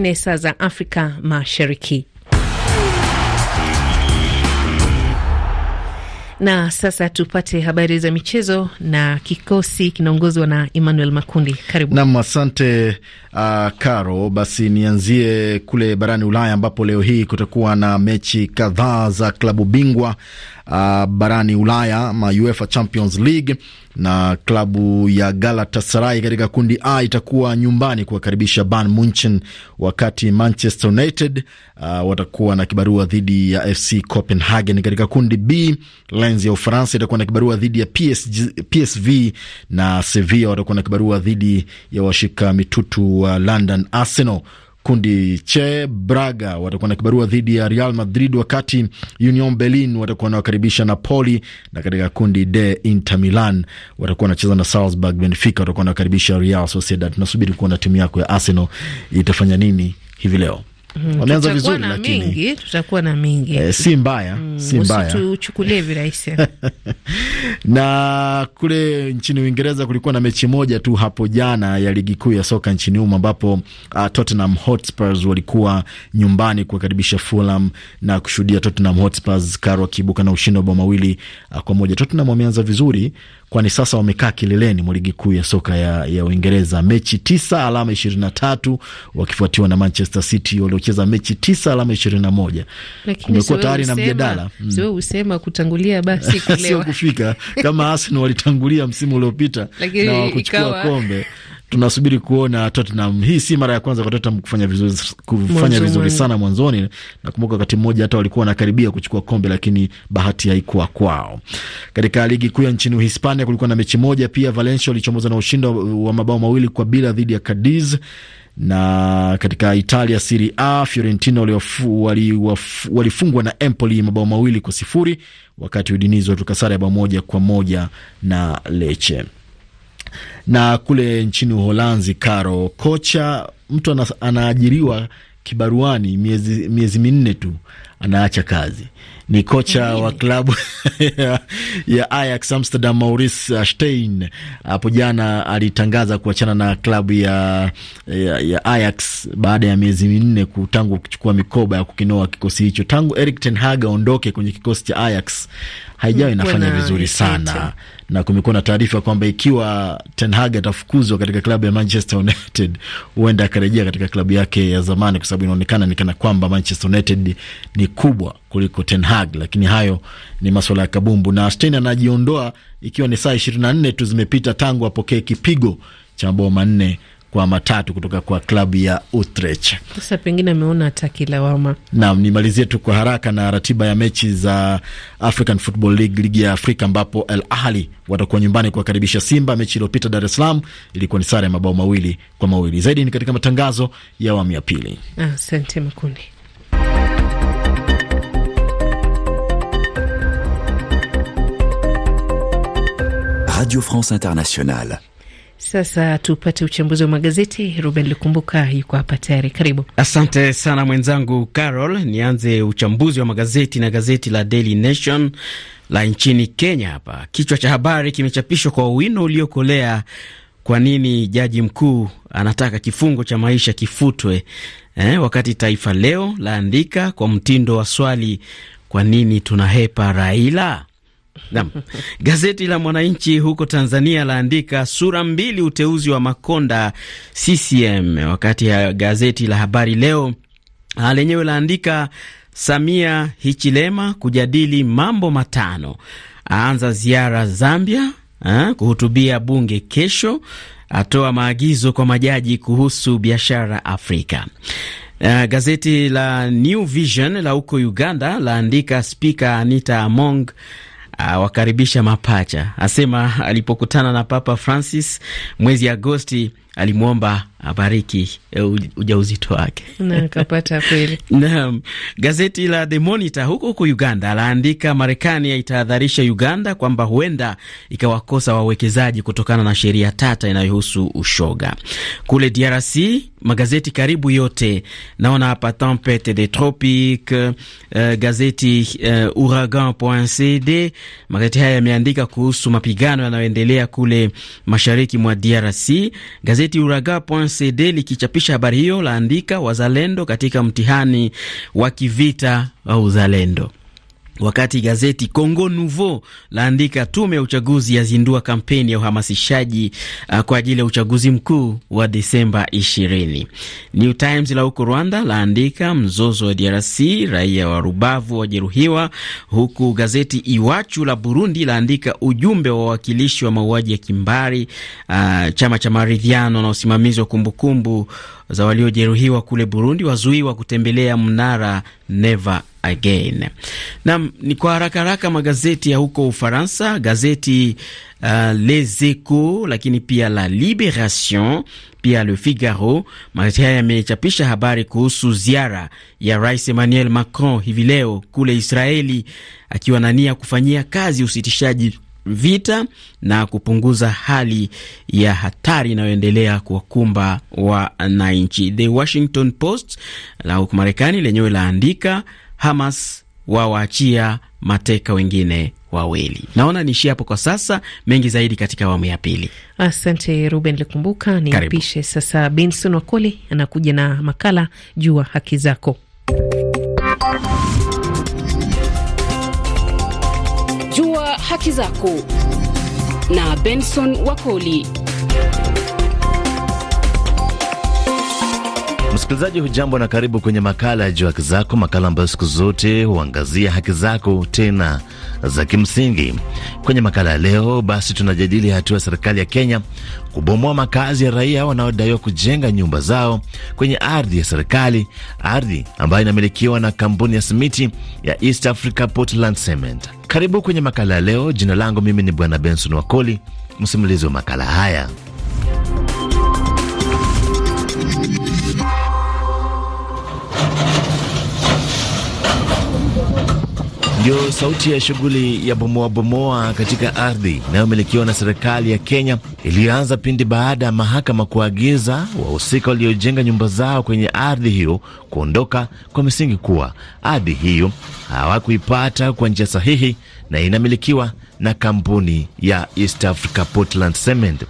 nne saa za Afrika Mashariki. Na sasa tupate habari za michezo na kikosi kinaongozwa na Emmanuel Makundi. Karibu nam. Asante uh, Karo. Basi nianzie kule barani Ulaya ambapo leo hii kutakuwa na mechi kadhaa za klabu bingwa uh, barani Ulaya ma UEFA Champions League, na klabu ya Galatasaray katika kundi A itakuwa nyumbani kuwakaribisha Bayern Munchen, wakati Manchester United uh, watakuwa na kibarua dhidi ya FC Copenhagen. Katika kundi B, Lens ya Ufaransa itakuwa na kibarua dhidi ya PSG, PSV na Sevilla watakuwa na kibarua dhidi ya washika mitutu wa London Arsenal kundi Che Braga watakuwa na kibarua dhidi ya Real Madrid, wakati Union Berlin watakuwa wanawakaribisha Napoli, na katika kundi D Inter Milan watakuwa wanacheza na Salzburg. Benfica watakuwa wanawakaribisha Real Sociedad. Tunasubiri kuona timu yako ya Arsenal itafanya nini hivi leo. Mhm. wameanza vizuri na lakini mingi, tutakuwa na mingi e, si mbaya mm, si mbaya, usituchukulie virahisi na kule nchini Uingereza kulikuwa na mechi moja tu hapo jana ya ligi kuu ya soka nchini humo ambapo uh, Tottenham Hotspurs walikuwa nyumbani kuwakaribisha Fulham na kushuhudia Tottenham Hotspurs karo akiibuka na ushindi wa bao mawili uh, kwa moja. Tottenham wameanza vizuri kwani sasa wamekaa kileleni mwa ligi kuu ya soka ya, ya Uingereza, mechi tisa alama ishirini na tatu wakifuatiwa na Manchester City waliocheza mechi tisa alama ishirini na moja Kumekuwa tayari na mjadala hmm. sio kufika kama Arsenal walitangulia msimu uliopita na wakuchukua kombe tunasubiri kuona Tottenham. Hii si mara ya kwanza kwa Tottenham kufanya vizuri, kufanya vizuri sana mwanzoni. Nakumbuka wakati mmoja hata walikuwa wanakaribia kuchukua kombe, lakini bahati haikuwa kwao. Katika ligi kuu ya nchini Uhispania kulikuwa na mechi moja pia, Valencia walichomoza na ushindi wa mabao mawili kwa bila dhidi ya Cadiz na katika Italia Serie A Fiorentina walifungwa wali wali na Empoli mabao mawili kwa sifuri wakati Udinizi walitoka sare ya bao moja kwa moja na Lecce. Na kule nchini Uholanzi, Karo, kocha mtu anaajiriwa kibaruani miezi, miezi minne tu anaacha kazi ni kocha Mimini. wa klabu ya, Ajax Amsterdam Maurice Stein hapo jana alitangaza kuachana na klabu ya, ya, ya Ajax baada ya miezi minne tangu kuchukua mikoba ya kukinoa kikosi hicho. Tangu Erik ten Hag aondoke kwenye kikosi cha Ajax haijawa inafanya vizuri sana, na kumekuwa na taarifa kwamba ikiwa ten Hag atafukuzwa katika klabu ya Manchester United huenda akarejea katika klabu yake ya zamani, kwa sababu inaonekana ni kana kwamba Manchester United ni kubwa kuliko Ten Hag, lakini hayo ni maswala ya kabumbu. Na Stein anajiondoa ikiwa ni saa 24 tu zimepita tangu apokee kipigo cha mabao manne kwa matatu kutoka kwa klabu ya Utrecht. Sasa pengine ameona atakilawama. Naam, nimalizie tu kwa haraka na ratiba ya mechi za African Football League, ligi ya Afrika, ambapo Al Ahli watakuwa nyumbani kuwakaribisha Simba. Mechi iliyopita Dar es Salaam ilikuwa ni sare ya mabao mawili kwa mawili. Zaidi ni katika matangazo ya awamu ya pili. Asante Makundi. Radio France Internationale. Sasa tupate uchambuzi wa magazeti. Ruben Lukumbuka yuko hapa tayari, karibu. Asante sana mwenzangu Carol. Nianze uchambuzi wa magazeti na gazeti la Daily Nation la nchini Kenya. Hapa kichwa cha habari kimechapishwa kwa wino uliokolea, kwa nini jaji mkuu anataka kifungo cha maisha kifutwe? Eh, wakati Taifa Leo laandika kwa mtindo wa swali, kwa nini tunahepa Raila? Naam. Gazeti la Mwananchi huko Tanzania laandika sura mbili uteuzi wa Makonda CCM, wakati ya gazeti la Habari Leo ah, lenyewe laandika Samia Hichilema kujadili mambo matano, aanza ziara Zambia, ha, ah, kuhutubia bunge kesho, atoa maagizo kwa majaji kuhusu biashara Afrika. Uh, gazeti la New Vision la huko Uganda laandika spika Anita Among awakaribisha mapacha, asema alipokutana na Papa Francis mwezi Agosti alimwomba abariki e, ujauzito wake na akapata kweli. Naam, gazeti la The Monitor huko huko Uganda laandika Marekani yaitahadharisha Uganda kwamba huenda ikawakosa wawekezaji kutokana na sheria tata inayohusu ushoga. Kule DRC magazeti karibu yote naona hapa Tempete des Tropiques, uh, gazeti uh, Ouragan.cd. Magazeti haya yameandika kuhusu mapigano yanayoendelea kule mashariki mwa DRC. Gazeti Gazeti Uraga.cd likichapisha habari hiyo laandika, wazalendo katika mtihani wa kivita wa uzalendo. Wakati gazeti Congo Nouveau laandika tume ya uchaguzi yazindua kampeni ya uhamasishaji uh, kwa ajili ya uchaguzi mkuu wa Desemba 20. New Times la huko Rwanda laandika mzozo wa DRC, raia wa Rubavu wajeruhiwa, huku gazeti Iwachu la Burundi laandika ujumbe wa wawakilishi wa mauaji ya kimbari, uh, chama cha maridhiano na usimamizi wa kumbukumbu za waliojeruhiwa kule Burundi wazuiwa kutembelea mnara Never Again. Nam ni kwa haraka haraka magazeti ya huko Ufaransa, gazeti uh, Les Echos lakini pia La Liberation pia Le Figaro. Magazeti haya yamechapisha habari kuhusu ziara ya Rais Emmanuel Macron hivi leo kule Israeli akiwa na nia kufanyia kazi usitishaji vita na kupunguza hali ya hatari inayoendelea kuwakumba wananchi. The Washington Post la huku Marekani lenyewe laandika Hamas wawaachia mateka wengine wawili. Naona niishie hapo kwa sasa, mengi zaidi katika awamu ya pili. Asante Ruben Likumbuka. Ni Mpishe sasa, Benson Wakoli anakuja na makala Jua Haki Zako. haki zako na Benson Wakoli. Msikilizaji hujambo na karibu kwenye makala ya Jua Haki Zako, makala ambayo siku zote huangazia haki zako tena za kimsingi. Kwenye makala ya leo basi, tunajadili hatua ya serikali ya Kenya kubomoa makazi ya raia wanaodaiwa kujenga nyumba zao kwenye ardhi ya serikali, ardhi ambayo inamilikiwa na kampuni ya simiti ya East Africa Portland Cement. Karibu kwenye makala ya leo. Jina langu mimi ni Bwana Benson Wakoli, msimulizi wa makala haya. ndio sauti ya shughuli ya bomoa bomoa katika ardhi inayomilikiwa na serikali ya Kenya iliyoanza pindi baada ya mahakama kuagiza wahusika waliojenga nyumba zao kwenye ardhi hiyo kuondoka kwa misingi kuwa ardhi hiyo hawakuipata kwa njia sahihi na inamilikiwa na kampuni ya East Africa Portland Cement.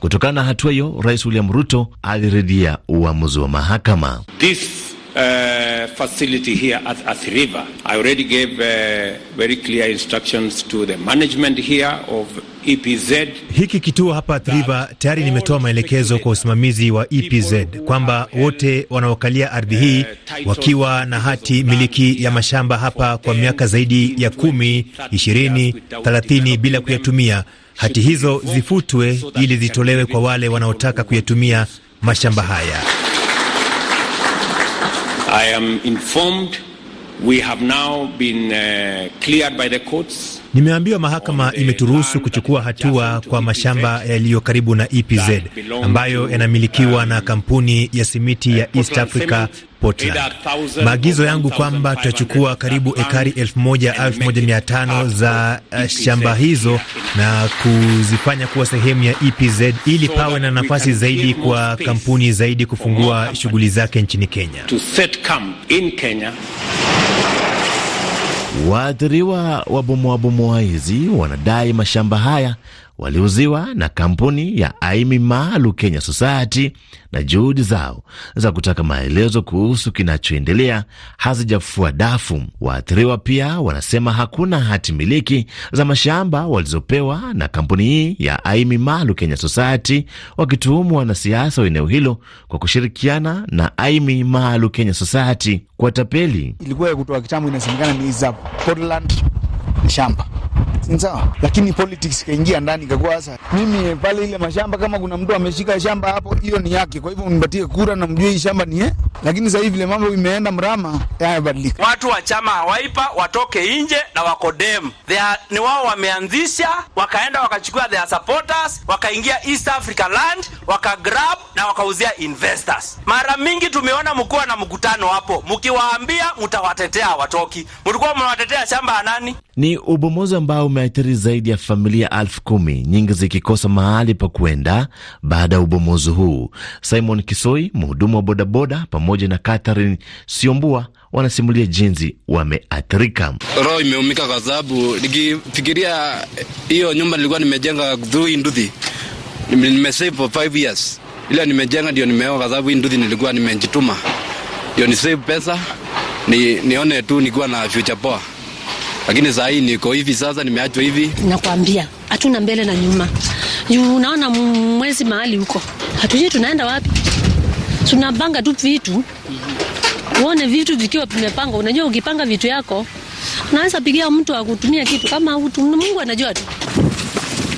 Kutokana na hatua hiyo, Rais William Ruto aliridhia uamuzi wa mahakama This uh, facility here at Athi River. I already gave uh, very clear instructions to the management here of EPZ. Hiki kituo hapa Athi River tayari nimetoa maelekezo kwa usimamizi wa EPZ e kwamba uh, wote wanaokalia ardhi hii uh, wakiwa na hati miliki ya mashamba hapa kwa miaka zaidi ya kumi, ishirini, thelathini bila kuyatumia hati hizo zifutwe ili zitolewe kwa wale wanaotaka kuyatumia mashamba haya. I am informed we have now been uh, cleared by the courts Nimeambiwa mahakama imeturuhusu kuchukua hatua kwa mashamba yaliyo karibu na EPZ ambayo yanamilikiwa na kampuni ya simiti ya East Africa Portland. Maagizo yangu kwamba tutachukua karibu ekari 1 au za eh, shamba hizo na kuzifanya kuwa sehemu ya EPZ ili pawe na nafasi zaidi kwa kampuni zaidi kufungua shughuli zake nchini Kenya. Waathiriwa bomoa hizi wanadai mashamba haya waliuziwa na kampuni ya Aimi Maalu Kenya Society, na juhudi zao za kutaka maelezo kuhusu kinachoendelea hazijafua dafu. Waathiriwa pia wanasema hakuna hati miliki za mashamba walizopewa na kampuni hii ya Aimi Maalu Kenya Society, wakituhumu wanasiasa wa eneo hilo kwa kushirikiana na Aimi Maalu Kenya Society kwa tapeli. Ilikuwa ya kutoa inasemekana ni za Portland mashamba sawa, lakini politics kaingia ndani, kakuwa sasa mimi pale ile mashamba, kama kuna mtu ameshika shamba hapo, hiyo ni yake, kwa hivyo nipatie kura na mjue hii shamba ni eh. Lakini sasa hivi vile mambo imeenda mrama, yamebadilika. Watu wa chama hawaipa watoke nje na wakodem Thea, ni wao wameanzisha, wakaenda wakachukua their supporters, wakaingia East Africa land, waka grab na wakauzia investors. Mara mingi tumeona mkuwa na mkutano hapo, mkiwaambia mtawatetea watoki, mlikuwa mnawatetea shamba ya nani? Ni ubomozi ambao umeathiri zaidi ya familia elfu kumi, nyingi zikikosa mahali pa kuenda baada ya ubomozi huu. Simon Kisoi, mhudumu wa bodaboda, pamoja na Catherine Siombua wanasimulia jinsi wameathirika. Roho imeumika kwa sababu nikifikiria hiyo nyumba nilikuwa nimejenga dhuhi nduthi, nimesave for five years, ila nimejenga ndio nimeoa kwa sababu hii nduthi nilikuwa nimejituma ndio nisave pesa ni, nione tu nikuwa na future poa lakini saa hii niko hivi sasa, nimeachwa hivi. Nakwambia hatuna mbele na nyuma, juu unaona mwezi mahali huko, hatujui tunaenda wapi, tunapanga tu vitu uone vitu vikiwa vimepangwa. Unajua, ukipanga vitu yako unaweza pigia mtu akutumia kitu kama utu, Mungu anajua tu.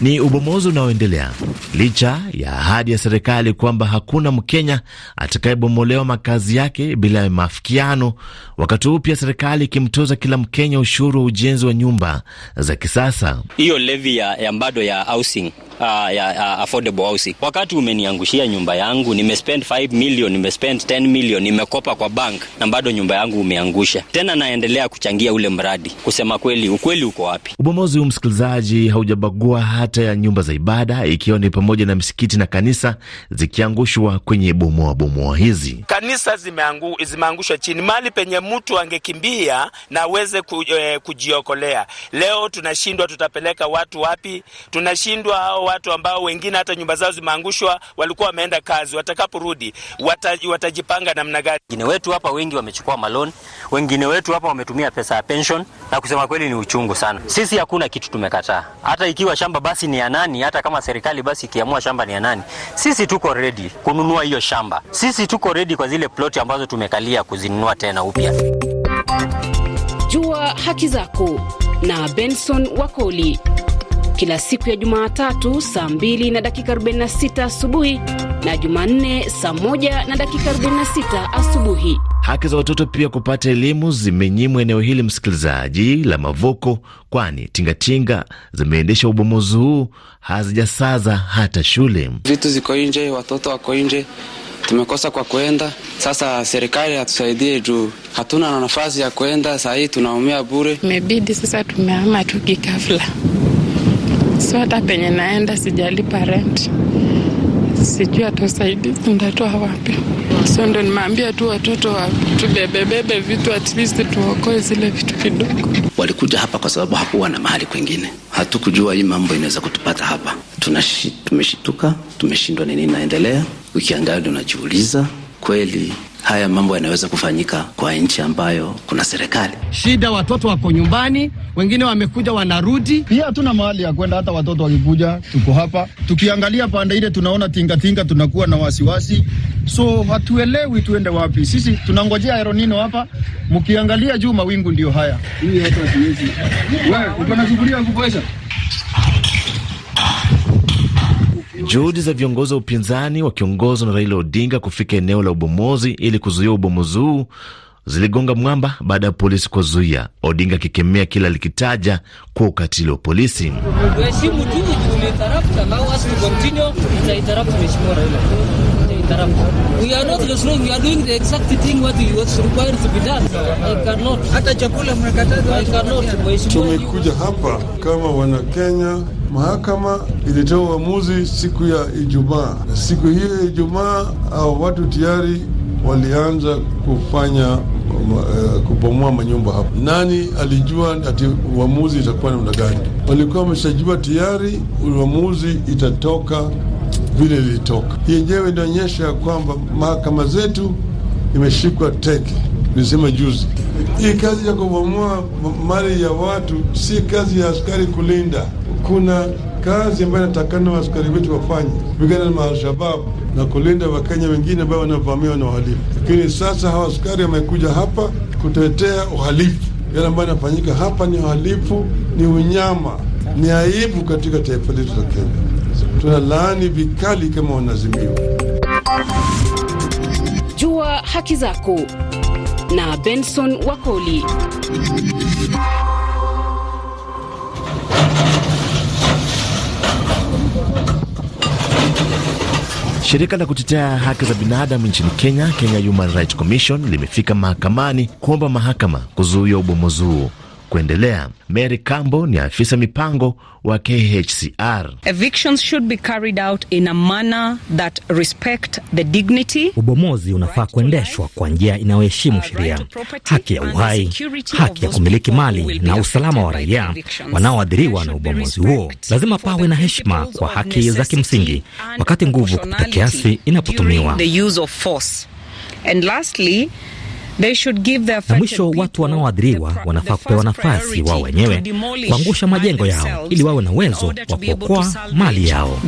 Ni ubomozi unaoendelea licha ya ahadi ya serikali kwamba hakuna Mkenya atakayebomolewa makazi yake bila ya maafikiano, wakati huu pia serikali ikimtoza kila Mkenya ushuru wa ujenzi wa nyumba za kisasa. Hiyo levi ya, ya mbado ya housing uh, ya uh, affordable housing. Wakati umeniangushia nyumba yangu, nimespend 5 million, nimespend 10 million, nimekopa kwa bank na bado nyumba yangu umeangusha. Tena naendelea kuchangia ule mradi. Kusema kweli, ukweli uko wapi? Ubomozi huu, msikilizaji, haujabagua hata ya nyumba za ibada, ikiwa ni pamoja na msikiti na kanisa zikiangushwa kwenye bomoa bomoa hizi. Kanisa zimeangu, zimeangushwa chini, mali penye mtu angekimbia na aweze ku, eh, kujiokolea. Leo tunashindwa tutapeleka watu wapi? Tunashindwa watu ambao wengine hata nyumba zao zimeangushwa, walikuwa wameenda kazi, watakaporudi watajipanga namna gani? Wengine wetu hapa wengi wamechukua maloni, wengine wetu hapa wametumia pesa ya pension, na kusema kweli ni uchungu sana. Sisi hakuna kitu tumekataa, hata ikiwa shamba basi ni ya nani, hata kama serikali basi ikiamua shamba ni ya nani, sisi tuko ready kununua hiyo shamba, sisi tuko ready kwa zile ploti ambazo tumekalia kuzinunua tena upya. Jua haki zako na Benson Wakoli kila siku ya Jumatatu saa 2 na dakika 46 asubuhi na Jumanne saa 1 na dakika 46 asubuhi. Haki za watoto pia kupata elimu zimenyimwa eneo hili, msikilizaji, la Mavuko, kwani tingatinga zimeendesha ubomozi huu, hazijasaza hata shule. Vitu ziko nje, watoto wako nje, tumekosa kwa kuenda. Sasa serikali hatusaidie juu hatuna na nafasi ya kuenda, saa hii tunaumia bure. Imebidi sasa tumehama tu kikafla so hata penye naenda sijalipa rent, sijui hata usaidizi ndatoa wapi. So ndo nimeambia tu watoto tubebebebe vitu at least tuokoe zile vitu kidogo. Walikuja hapa kwa sababu hakuwa na mahali kwengine. Hatukujua hii mambo inaweza kutupata hapa. tumeshituka, tumeshindwa ni nini naendelea. Ukiangalia unajiuliza kweli haya mambo yanaweza kufanyika kwa nchi ambayo kuna serikali. Shida, watoto wako nyumbani, wengine wamekuja wanarudi, pia hatuna mahali ya kwenda. Hata watoto wakikuja, tuko hapa. Tukiangalia pande ile, tunaona tingatinga, tunakuwa na wasiwasi, so hatuelewi tuende wapi. Sisi tunangojea eronino hapa, mkiangalia juu mawingu ndio haya. Hii hata siwezi wewe, shughuli ya Juhudi za viongozi wa upinzani wakiongozwa na Raila Odinga kufika eneo la ubomozi ili kuzuia ubomozi huu ziligonga mwamba baada ya polisi kuzuia Odinga akikemea kila likitaja kuwa ukatili wa polisi. Tumekuja hapa kama Wanakenya mahakama ilitoa uamuzi siku ya Ijumaa, na siku hiyo ya Ijumaa au watu tayari walianza kufanya eh, kubomoa manyumba hapo. Nani alijua ati uamuzi itakuwa namna gani? Walikuwa wameshajua tayari uamuzi itatoka vile ilitoka. Hii yenyewe inaonyesha ya kwamba mahakama zetu imeshikwa teke. Nisema juzi, hii kazi ya kubomoa mali ya watu si kazi ya askari kulinda kuna kazi ambayo inatakana waskari wetu wafanye kupigana na maalshababu na kulinda wakenya wengine ambao wanavamiwa na uhalifu. Lakini sasa hawa askari wamekuja hapa kutetea uhalifu. Yale ambayo inafanyika hapa ni uhalifu, ni unyama, ni aibu katika taifa letu la Kenya. tuna laani vikali kama wanazimiwa. Jua haki zako na Benson Wakoli. Shirika la kutetea haki za binadamu nchini Kenya, Kenya Human Rights Commission, limefika mahakamani kuomba mahakama kuzuia ubomozi huo kuendelea. Mary Kambo ni afisa mipango wa KHCR. Evictions should be carried out in a manner that respect the dignity. Ubomozi unafaa kuendeshwa kwa njia inayoheshimu uh, sheria, haki ya uhai, haki ya kumiliki mali na usalama wa raia wanaoathiriwa na ubomozi huo. Lazima pawe na heshima kwa haki za kimsingi wakati nguvu kupita kiasi inapotumiwa. And lastly, na mwisho, watu wanaoadhiriwa wanafaa kupewa nafasi wao wenyewe kuangusha majengo yao ili wawe na uwezo wa kuokoa mali yao.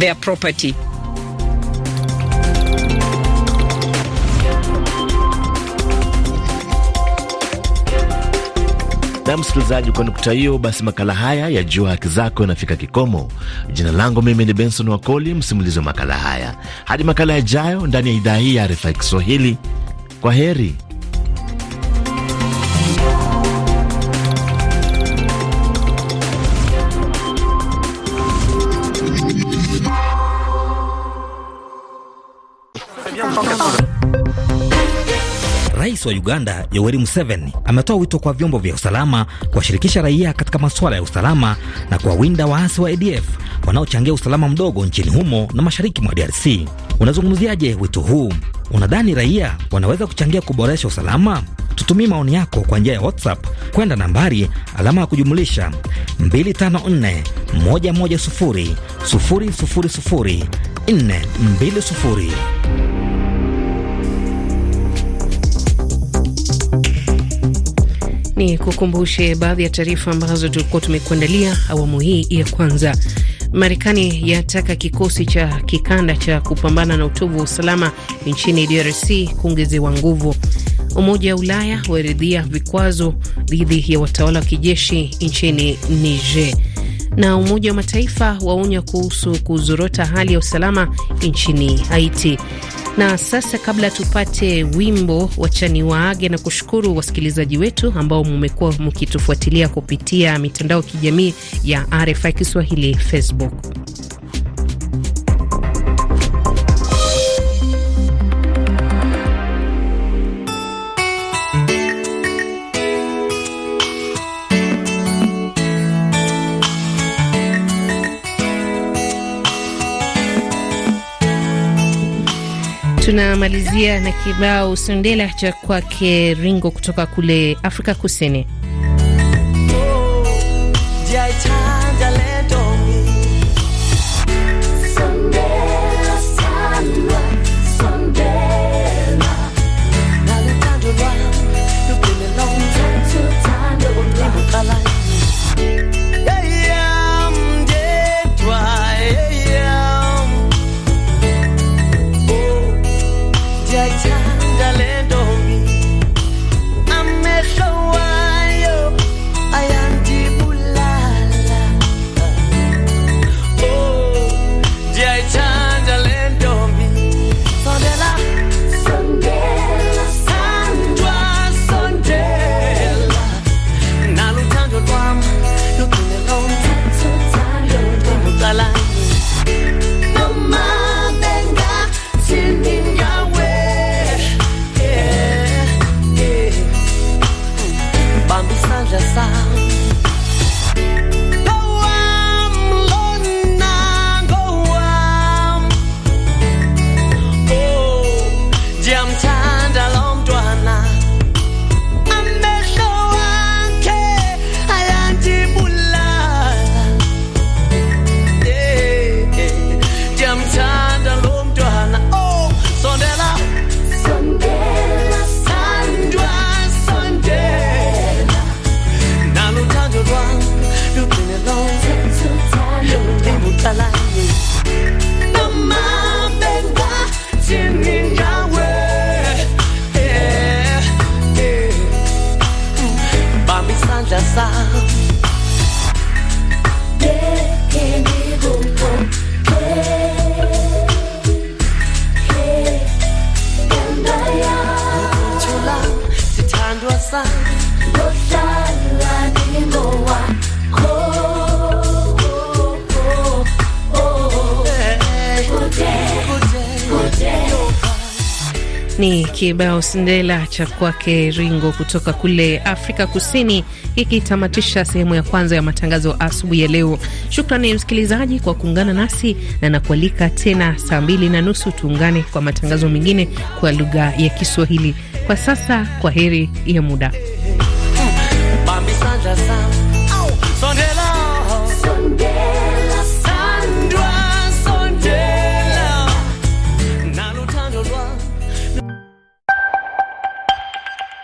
na msikilizaji, kwa nukta hiyo basi, makala haya ya Jua Haki Zako yanafika kikomo. Jina langu mimi ni Benson Wakoli, msimulizi wa makala haya. Hadi makala yajayo ndani ya idhaa hii ya RFI Kiswahili, kwa heri. Rais wa Uganda Yoweri Museveni ametoa wito kwa vyombo vya usalama kuwashirikisha raia katika masuala ya usalama na kuwawinda waasi wa ADF wanaochangia usalama mdogo nchini humo na mashariki mwa DRC. Unazungumziaje wito huu? Unadhani raia wanaweza kuchangia kuboresha usalama? Tutumie maoni yako kwa njia ya WhatsApp kwenda nambari alama ya kujumulisha 254 110 000 420. Ni kukumbushe baadhi ya taarifa ambazo tulikuwa tumekuandalia awamu hii ya kwanza. Marekani yataka kikosi cha kikanda cha kupambana na utovu wa usalama nchini DRC kuongezewa nguvu. Umoja wa Ulaya waridhia vikwazo dhidi ya watawala wa kijeshi nchini Niger, na Umoja wa Mataifa waonya kuhusu kuzorota hali ya usalama nchini Haiti. Na sasa kabla tupate wimbo, wachani waage na kushukuru wasikilizaji wetu ambao mmekuwa mkitufuatilia kupitia mitandao ya kijamii ya RFI Kiswahili, Facebook. Tunamalizia na kibao Sondela cha kwake Ringo kutoka kule Afrika Kusini. ni kibao Sindela cha kwake Ringo kutoka kule Afrika Kusini, ikitamatisha sehemu ya kwanza ya matangazo asubuhi ya leo. Shukrani msikilizaji kwa kuungana nasi na nakualika tena saa mbili na nusu tuungane kwa matangazo mengine kwa lugha ya Kiswahili. Kwa sasa, kwa heri ya muda.